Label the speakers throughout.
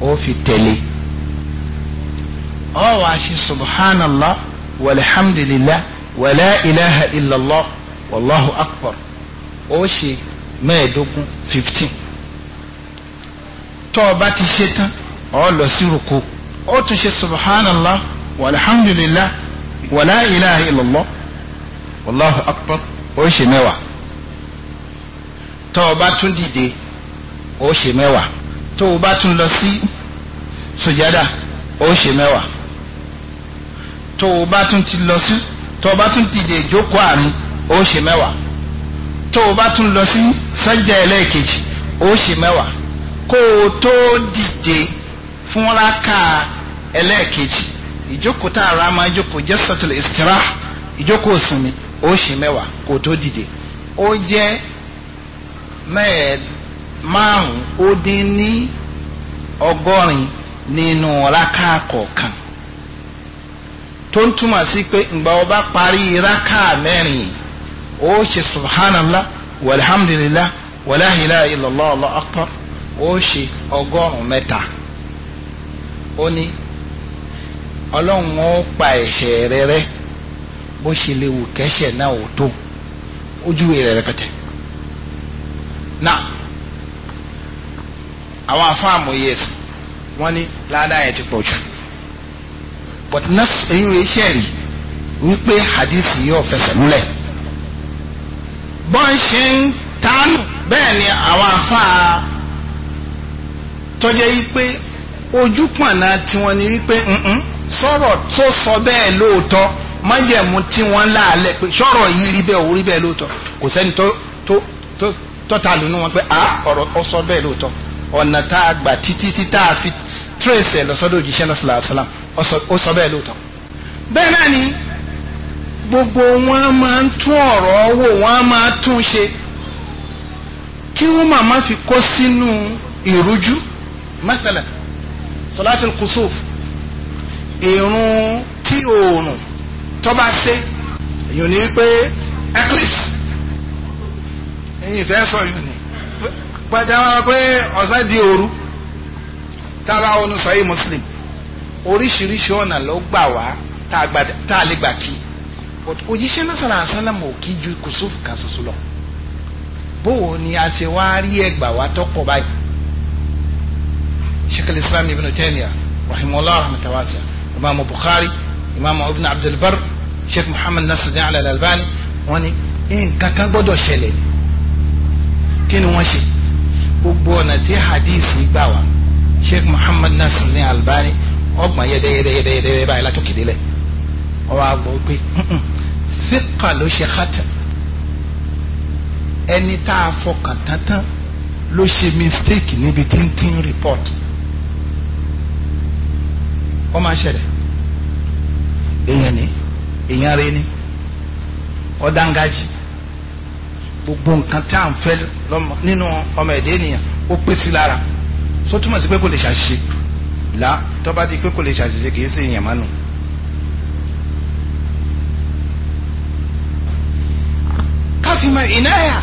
Speaker 1: ó fi tẹ̀lé ọ wàá ṣe subhanallah walhamdulillah wala ilaha illallah wallahu akbar ó ṣe mẹ́ẹ̀ẹ́dógún fifteen tó o bá ti ṣe tán ọ lọ sí ruku ó tún ṣe subhanallah walhamdulillah wala ilaha illallah wallahu akbar ó ṣe mẹ́wàá tó o bá tún dìde ó ṣe mẹ́wàá tó o bá tún lọ sí sùjádà ó ṣe mẹ́wàá tó o bá tún ti lọ sí tó o bá tún ti dè jókòó àárín ó ṣe mẹ́wàá tó o bá tún lọ sí sájà ẹlẹ́ẹ̀kejì ó ṣe mẹ́wàá kó o tó dìde fúnra ká ẹlẹ́ẹ̀kejì ìjókòó tá a ra máa jókòó jasatul istirah ìjókòó sinmi ó ṣe mẹ́wàá kó o tó dìde ó jẹ́ mẹ́ẹ̀ẹ́dọ́. márùn-ún ó dín ní ọgọ́rin nínú rákà kọ̀ọ̀kan tó ń túmọ̀ sí pé ìgbà ọba parí rákà mẹ́rin ó ṣe subhanallah walhamdulillah wala ilaha illallah ó ṣe ọgọ́rùn mẹ́ta ó ní ọlọ́run ó pa ẹ̀ṣẹ̀ rẹ rẹ́ bó ṣe kẹ́ṣẹ̀ àwọn afáàmù years, wọ́n ní ládàá yẹn ti pọ̀ jù but nurse eyín oye ṣẹ́ẹ̀rì wípé hadith yóò fẹsẹ̀ múlẹ̀ bọ́n ṣe ń tánù bẹ́ẹ̀ ni àwọn afáà tọ́jẹ́ yí pé ojú pọ̀nà tiwọn ni wípé sọ̀rọ̀ tó sọ bẹ́ẹ̀ lóòótọ́ májẹ̀mú tí wọ́n láàlẹ̀ pé sọ̀rọ̀ yìí rí bẹ́ẹ̀ orí bẹ́ẹ̀ lóòótọ́ kò sẹ́ni tó tó tó tọ́ta lónú wọn pé a ah, ọ̀rọ̀ ọsọ bẹ́ẹ̀ lóòótọ́ ọ̀nà tá a gbà títí tí tá a fi trace ẹ̀ lọ́sọ́dọ̀ òjíṣẹ́ náà sallallahu alaihi wasallam ó sọ bẹ́ẹ̀ lóòótọ́ bẹ́ẹ̀ náà ni gbogbo wọn máa ń tún ọ̀rọ̀ wò wọ́n máa tún ṣe kí wọ́n máa má fi kó sínú ìrújú mathalan salatul kusuf ìrun tí oòrùn tó bá ṣe èyàn ní pé eclipse èyàn ìfẹ́ sọ yìí gbàtà wọn pé ọ̀sán di òru tábà wọnú sọyí muslim oríṣiríṣi ọ̀nà ló gbà wá tá a lè gbà kí but òjíṣẹ́ náà sàlàyé sálàmù ò kí ju kùsùfù kan ṣoṣo lọ bóò ni a ṣe wá rí ẹgbà wá tọkọ báyìí sheikh islam ibn taymiyyah rahimahullah rahmatawasa imaamu bukhari imaamu ibn abdulbar sheikh muhammad nasiruddin al-albani wọ́n ní nǹkan kan gbọ́dọ̀ ṣẹlẹ̀ ni kí ni wọ́n ṣe gbogbo ọ̀nà tí hadith gbà wá sheikh muhammad nasir ní albani ọgbọ̀n yẹ́dẹ́yẹ́dẹ́yẹ́dẹ́ báyìí látòkèdè lẹ̀ ọwọ́ àgbọ̀ pé fíkà ló ṣe kàtà ẹni tá a fọkàn tántán ló ṣe mistake níbi tí ń tí ń report ó máa ṣẹlẹ̀ èèyàn ni èèyàn rẹ ni ọ̀dàǹgájì gbogbo nǹkan tá à ń fẹ́ lọ nínú ọmọ ẹ̀dẹ́ ènìyàn ó pé sí lára só túmọ̀ sí pé kò lè ṣàṣìṣe là tó bá di pé kò lè ṣàṣìṣe kì í ṣe èèyàn mánu. kásìmọ̀ ìnáyà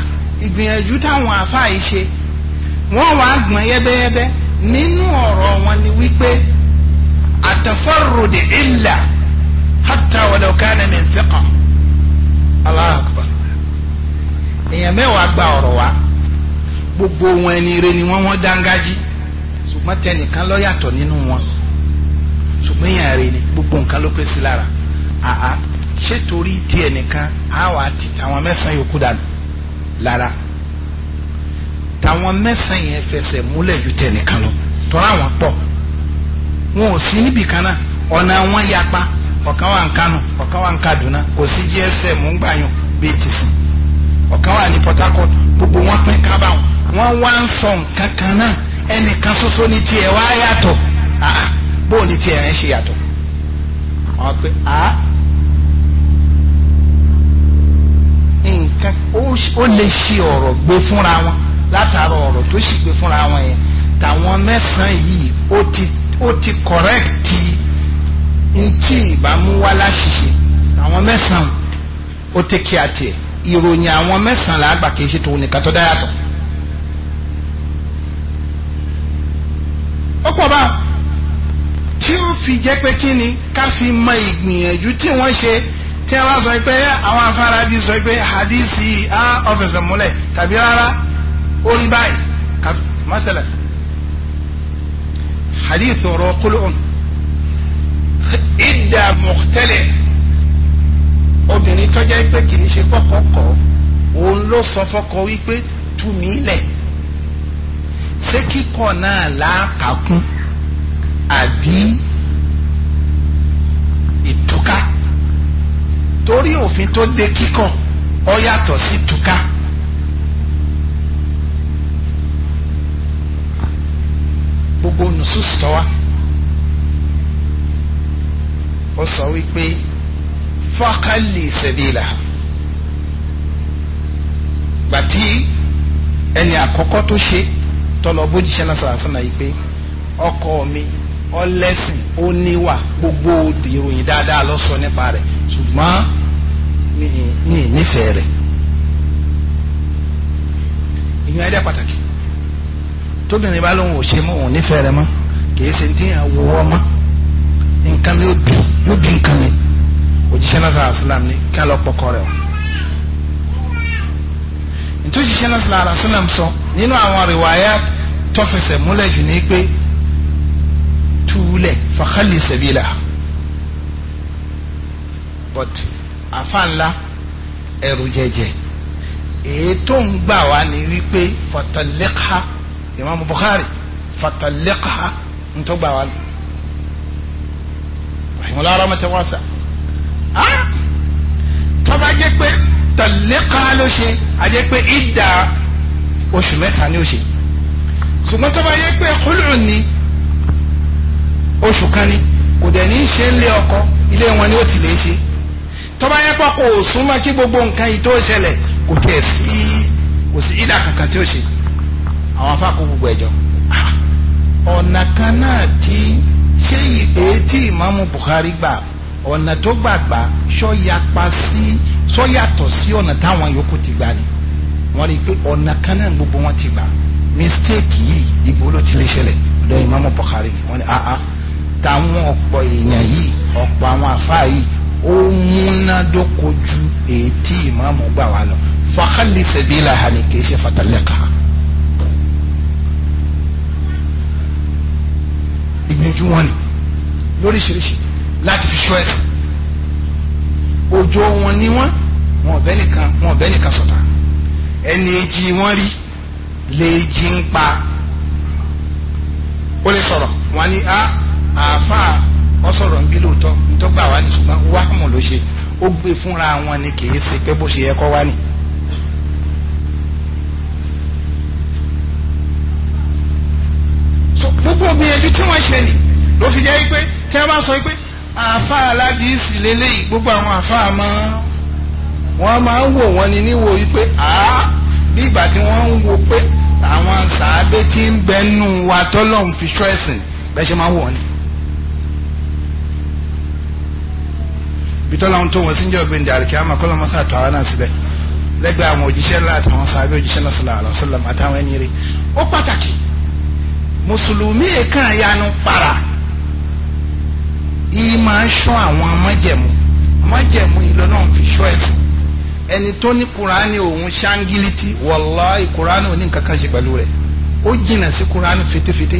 Speaker 1: ìgbìyànjú táwọn àáfàá yìí ṣe wọ́n wàá gbọ̀n yẹ́bẹ́yẹ́bẹ́ nínú ọ̀rọ̀ wọn ni wípé àtàfọ́rọ̀dì ìlà hàtà wàlẹ̀ ọ̀kánà min thiqa. Allahu akbar èèyàn mẹ́wàá gba ọ̀rọ̀ wa. gbogbo wọn ẹni ire ni wọn wọ́n dángájí ṣùgbọ́n tẹnìkan ló yàtọ̀ nínú wọn ṣùgbọ́n èèyàn rẹ̀ ni gbogbo nǹkan ló pé sí lára àá ṣètòrí torí ti tàwọn mẹ́sàn-án dànù lára tàwọn mẹsàn án yẹn múlẹ̀ ju tẹnìkan lọ wọn ò wọn yapa ọ̀kan wà ọ̀kan wà kò sí GSM ń gbàyàn bíi tìsí wọn wọ́n wá ń sọ nǹkan kan náà ẹnìkan ṣoṣo ní tiẹ̀ wá yàtọ̀ bó ní tiẹ̀ ń ṣe yàtọ̀ wọ́n pe a nǹkan ó lè ṣe ọ̀rọ̀ gbé fúnra wọn látara ọ̀rọ̀ tó sì gbé fúnra wọn yẹn tàwọn mẹ́sàn-án yìí ó ti ó ti kọ̀rẹ́ẹ̀tì ntí ìbámu wá láṣìṣe àwọn mẹ́sàn-án ó tẹ́kí àti ẹ̀ ìròyìn àwọn mẹ́sàn-án làgbà kì í ṣe tòun nìkan tó dá yàtọ̀ fi jẹ́ pé kí ni ká fi mọ ìgbìyànjú tí wọ́n ṣe tí a bá sọ pé àwọn afárádì sọ pé hadisi á ọ̀fẹ̀sẹ̀ múlẹ̀ tàbí rárá ó rí báyìí masala hadith ọ̀rọ̀ kúlùún ìdá mọ̀tẹ́lẹ̀ obìnrin tọ́jà pé kì í ṣe kọ́kọ́kọ́ òun ló sọ fọ́kọ wípé tú mi lẹ̀ ṣé kíkọ̀ náà làákàkún àbí. torí òfin tó de kíkàn ọ yàtọ̀ sí túká. gbogbo nùsùsù tọ́wá ó sọ wípé fákàlì sẹ́bìlà gbàtí ẹni àkọ́kọ́ tó ṣe tọ́lọ bójúṣẹ́ náà sàásánà yìí pé ọkọ mi ọlẹ́sìn ó níwà gbogbo ìròyìn dáadáa ló nípa rẹ̀ ṣùgbọ́n mi ì nífẹ̀ẹ́ rẹ̀ ìyẹn ẹ̀dẹ́ pàtàkì tóbìnrin bá lóun ò ṣe mọ́ òun nífẹ̀ẹ́ rẹ̀ mọ́ kìí ṣe tí yàn wọ́ ọmọ nǹkan mi yóò bí nǹkan mi òjíṣẹ́ náà sàrà sílám ní kí á lọ pọkọ rẹ̀ o nítorí náà sàrà sílám sọ nínú àwọn rìwáyà tó múlẹ̀ jù ní pé túwúlẹ̀ fàkàlì sẹ̀bílà but àfa ńlá ẹrù jẹjẹ èyí tó ń gbà wá ni wípé fatalekha imaamu Bukhari fatalekha ń tó gbà wá ni rahimahulah aramata wasa ah tọ́ba jẹ́ pé talekha ló ṣe àjẹ́ pé ìdá oṣù mẹ́ta ni ó ṣe ṣùgbọ́n tọ́ba jẹ́ pé kúlù ni oṣù kan ni kò dẹ̀ ní í ṣe ń lé ọkọ ilé wọn ni ó ti lè ṣe tọ́ba yẹn pa kò súnmọ́ kí gbogbo nǹkan yìí tó ṣẹlẹ̀ kò tẹ̀ sí kò sí ìdá kankan tí ó ṣe àwọn afá kó gbogbo ẹ̀jọ́ ọ̀nà kan náà tí ṣé ètí ìmáàmù Bukhari gbà ọ̀nà tó gbàgbà sọ́yapa sí sọ́yàtọ̀ sí ọ̀nà táwọn yòókù ti gbà ni wọ́n rí i pé ọ̀nà kan náà gbogbo wọn ti gbà mistake yìí ibo ló ti lè ṣẹlẹ̀ ọ̀dọ̀ ìmáàmù Bukhari wọ́n ní àá táwọn ọ̀pọ̀ èèyàn yìí ọ̀pọ̀ àwọn afá yìí ó múnádóko ju èyí tí ìmáàmù gbà wá lọ fàkàlì sẹbílà hàní kì í ṣe fàtàlẹ́kà. ìgbìyànjú wọn ni lóríṣiríṣi láti fi ṣọ ẹsìn wọn ni wọn wọn ọbẹ nìkan wọn ọbẹ nìkan sọta ẹni èjì wọn rí lè ń pa ó lè sọ̀rọ̀ wọn ni a ah, àáfàá ọ sọ̀rọ̀ nbí lóòótọ́ nítorí gbà wá ní ṣùgbọ́n wákàmù ló ṣe ó gbé fúnra wọn ni kì í ṣe pé bó ṣe yẹ kọ́ wá ni. gbogbo gbìyànjú tí wọ́n ṣe ni ló fi jẹ́ pé tí wọ́n bá sọ pé àáfà aládìísì lélẹ́yìí gbogbo àwọn àáfà mọ́ wọ́n máa ń wò wọ́n ni níwò wípé àá bí ìgbà tí wọ́n ń wo pé àwọn sàábé tí ń bẹ́nu wa tọ́lọ́hún fi ṣọ́ ẹ̀sìn bẹ́ẹ̀ ṣe máa ń wọ̀ ni. bitọ́lá ń tó wọn síjọ́ gbẹ̀ndẹ̀ àlùkìyàmà kọ́lọ́ mọ́sá àtàwọn náà síbẹ̀ lẹ́gbẹ̀ẹ́ àwọn òjíṣẹ́ ńlá àtàwọn sábẹ́ òjíṣẹ́ náà sallallahu alaihi wasallam àtàwọn ẹni rẹ̀ ó pàtàkì mùsùlùmí èkán yanu para yìí máa ń ṣọ́ àwọn májẹ̀mú májẹ̀mú yìí lọ́nà fi ṣọ́ ẹ̀sìn ẹni tó ní kuraani òun ṣáńgìlìtì wallahi kuraani òní nǹkan kan ṣe pẹ̀lú rẹ̀ ó jìnnà sí kuraani fetefete.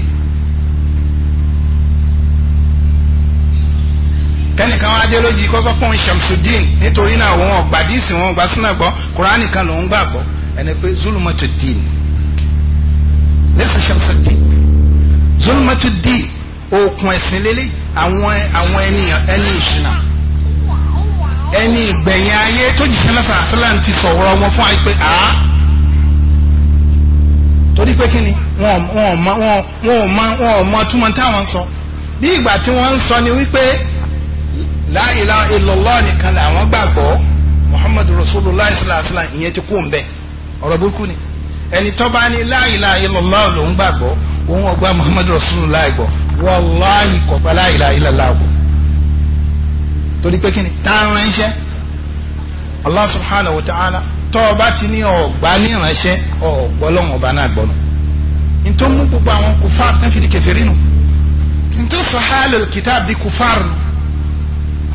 Speaker 1: ẹnìkan wá dé lójijì kó sọ pé òun Shamsuddin nítorí náà òun ọ̀gbà díìsì òun ọ̀gbà sínú ẹ̀gbọ́ Kùránì kan lòun gbàgbọ́ ẹni pé zulmatuddin lẹ́sẹ̀ Shamsuddin zulmatuddin òkun ẹ̀sìn lélẹ̀ àwọn àwọn ẹni ẹni ìṣìnà ẹni ìgbẹ̀yìn ayé tó jìṣẹ́ lọ́sàn àṣìláàmù ti sọ̀rọ̀ wọn fún wa pé àá torí pé kí ni wọn ò mọ wọn ò mọ wọn ò mọ túmọ̀ táwọn sọ bí ìgbà tí wọ́n ń sọ ni wípé la ilaha illallah nìkan làwọn gbàgbọ́ muhammadu rasulullah sallallahu alaihi wasallam ìyẹn ti kú ń bẹ ọ̀rọ̀ burúkú ni ẹni tó bá ní la ilaha illallah lòún gbàgbọ́ òun ọgbà muhammadu rasulullah gbọ́ wàláhì kọ̀gbà la ilaha illallah gbọ́ torí pé kí ni tá a ránṣẹ́ allah subhanahu wa ta'ala tó o bá ti ní ọ̀gbà níránṣẹ́ ọ̀gbọ́ lọ́wọ́n ọba náà gbọ́nu nítorí mú gbogbo àwọn kùfà tó fi di kẹfẹ́ rínu nítorí sọ̀hálù kìtàbí kùfà rù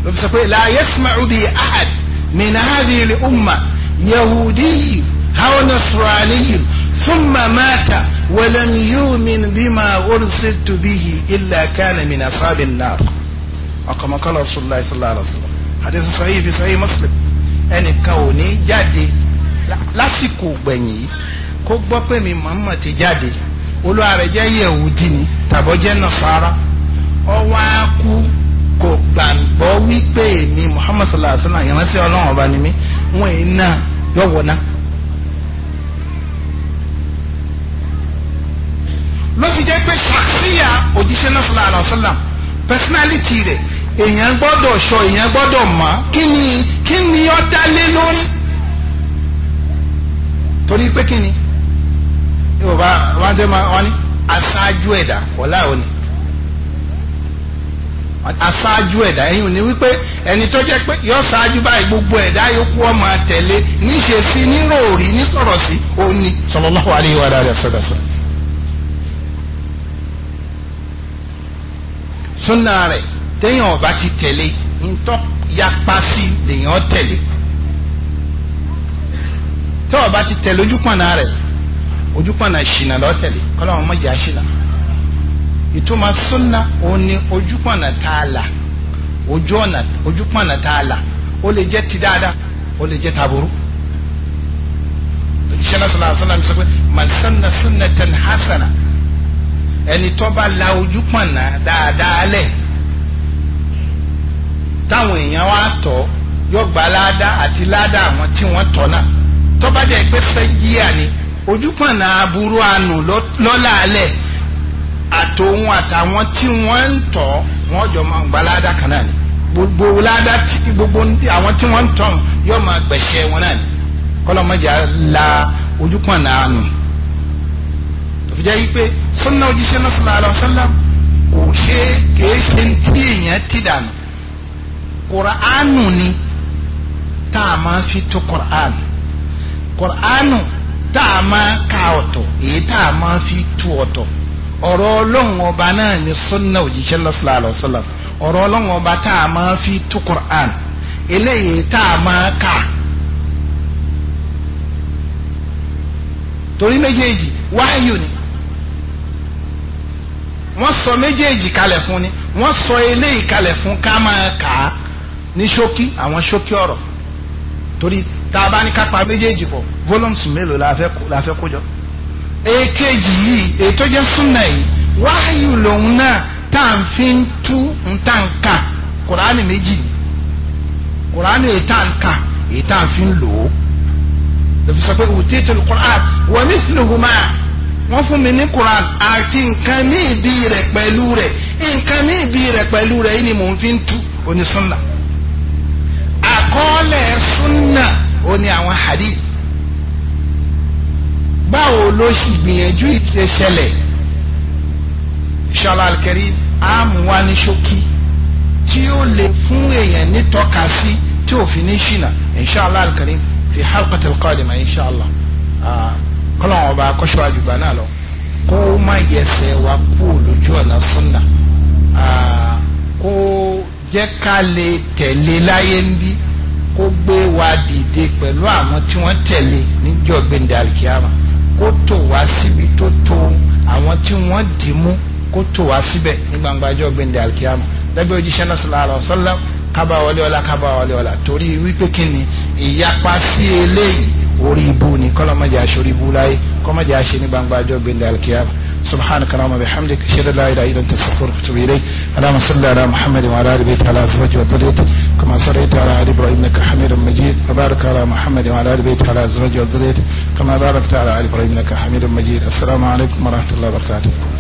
Speaker 1: ló fi sọ pé la yasma'u bi ahad min hadhihi al-umma yahudi aw nasrani thumma mata wa lam yu'min bima ursiltu bihi illa kana min ashabin nar ọkọ̀mọ̀ kọ́lá rasulillah sallallahu alayhi wa sallam hadith sahih fi sahih muslim ẹnìkan ò ní jáde lásìkò gbẹ̀yìn yìí kó gbọ́ pé mi Muhammad ti jáde olúwa rẹ̀ jẹ́ yẹ̀wò dì ní tàbọ̀ jẹ́ nasara ọwọ́ á kú kò gbàgbọ́ wípé èmi muhammad sallallahu alayhi wa sallam ìránṣẹ́ ọlọ́run ọba ni mí wọn èyí náà yọ wọ̀ náà. ló fi jẹ́ pé ṣàkíyà òjíṣẹ́ náà sallallahu alayhi wa sallam personality rẹ̀ èèyàn gbọ́dọ̀ sọ èèyàn gbọ́dọ̀ mọ̀ kí ni kí ni ó dá lé lórí torí pé kí ni yorùbá wọn ṣe máa wọn ní aṣáájú ẹ̀dá ọ̀la òní aṣáájú ẹ̀dá ẹ̀yìn òní wípé ẹni tó jẹ́ pé yọ ṣáájú báyìí gbogbo ẹ̀dá yòókù ó máa tẹ̀lé níṣe sí níròrí nísọ̀rọ̀ sí òní sallallahu alaihi wa alihi wasallam. súnà rẹ̀ téèyàn ọba ti tẹ̀lé ntọ́ yapa sí lèèyàn tẹ̀lé tẹ́ ọba ti tẹ̀lé ojúpọ̀nà rẹ̀ ojúpọ̀nà ṣìnà lọ́tẹ̀lé kọ́lá wọn mọ̀jà ṣìnà ìtumọ̀ súnà òun ni ojúpọ̀nà tá a là ojú ọ̀nà ojúpọ̀nà tá a là ó lè jẹ́ ti dáadáa ó lè jẹ́ taburú iṣẹ́ náà sọ̀rọ̀ àṣọ náà mi sọ pé man sanna sunnatan hasana ẹni tó bá la ojúpọ̀nà dáadáa lẹ̀ táwọn èèyàn wá tọ̀ yóò gba láàdá àti láàdá àwọn tí wọ́n tọ̀ náà tó bá jẹ́ pé sẹ́yíà ni ojúpọ̀nà aburú àánú lọ́làálẹ̀. Lo, àtòun àtàwọn tí wọ́n ń tọ̀ wọ́n jọ máa gba ládà kan náà ni gbogbo ládà tí gbogbo àwọn tí wọ́n ń tọ̀ yóò máa gbẹ̀ṣẹ̀ wọn náà ni kọ́lọ́mọdé la ojúkàn náà nù òfìjẹ́ yí pé sunna òjíṣẹ́ náà sallallahu alaihi wasallam kò ṣe kìí ṣe tí èèyàn ti dànù kùránù ni tá a máa fi tó kùránù kùránù tá a máa ka ọ̀tọ̀ èyí tá a máa fi tú ọ̀tọ̀ ọ̀rọ̀ ọlọ́run ọba náà ni sunna òjíṣẹ́ lọ́sọ̀lá àlọ́sọ̀lá ọ̀rọ̀ ọlọ́run ọba tá a máa fi tú Qur'an eléyìí tá a máa kà torí méjèèjì wáyò ni wọ́n sọ méjèèjì kalẹ̀ fún ni wọ́n sọ eléyìí kalẹ̀ fún ká máa kà á ní ṣókí àwọn ṣókí ọ̀rọ̀ torí tá a bá ní ká pa méjèèjì pọ̀ volumes mélòó la fẹ́ kó jọ èkejì yìí ètò jẹ́ súnà yìí wáyù lòun náà tá à ń fi ń tú nta nka kùránì méjì kùránì ètà nka ètà à ń fi ń lò ó lọ́fi sọ pé òtítù kùránì wọ́n ní sinihuma wọ́n fún mi ní kùránì àti nǹkan ní ìbí rẹ̀ pẹ̀lú rẹ̀ nǹkan ní ìbí rẹ̀ pẹ̀lú rẹ̀ yìí ni mò ń fi ń tú oní súnà àkọọ́lẹ̀ súnà oní àwọn hadith báwo ló sì gbìyànjú ìtẹ̀sẹ̀lẹ̀ inshallah alkarim àmúwá ní ṣókí tí ó lè fún èèyàn nítọ́ka sí tí òfin ní ṣìnà inshallah alkarim fi halqatil qadima inshallah kọ́lọ́wọ́n ọba akọ́ṣọ́ àjùgbà náà lọ kó má yẹsẹ̀ wa kú lójú ọ̀nà súnà kó jẹ́ ká lè tẹ̀lé láyé ń bí kó gbé wa dìde pẹ̀lú àwọn tí wọ́n tẹ̀lé níjọ́ gbẹ̀ndẹ̀ alikiyama kó tò wá síbi tó tó àwọn tí wọ́n dì í mú kó tò wá síbẹ̀ ní gbangba ọjọ́ gbẹ̀ndẹ̀ alikiyama lábẹ́ òjíṣẹ́ náà sallallahu alaihi wasallam kábà wọlé ọlá kábà wọlé ọlá torí wípé kí ni ìyapa sí eléyìí orí ibu ni kọ́lọ́mọdé aṣọ orí ibu láyé kọ́mọdé aṣe ní gbangba ọjọ́ gbẹ̀ndẹ̀ alikiyama سبحانك اللهم وبحمدك اشهد ان لا اله الا انت استغفرك واتوب اليك اللهم صل على محمد وعلى ال بيت على ازواجه وذريته كما صليت على ال ابراهيم انك حميد مجيد وبارك على محمد وعلى ال بيت على ازواجه وذريته كما باركت على ال ابراهيم انك حميد مجيد السلام عليكم ورحمه الله وبركاته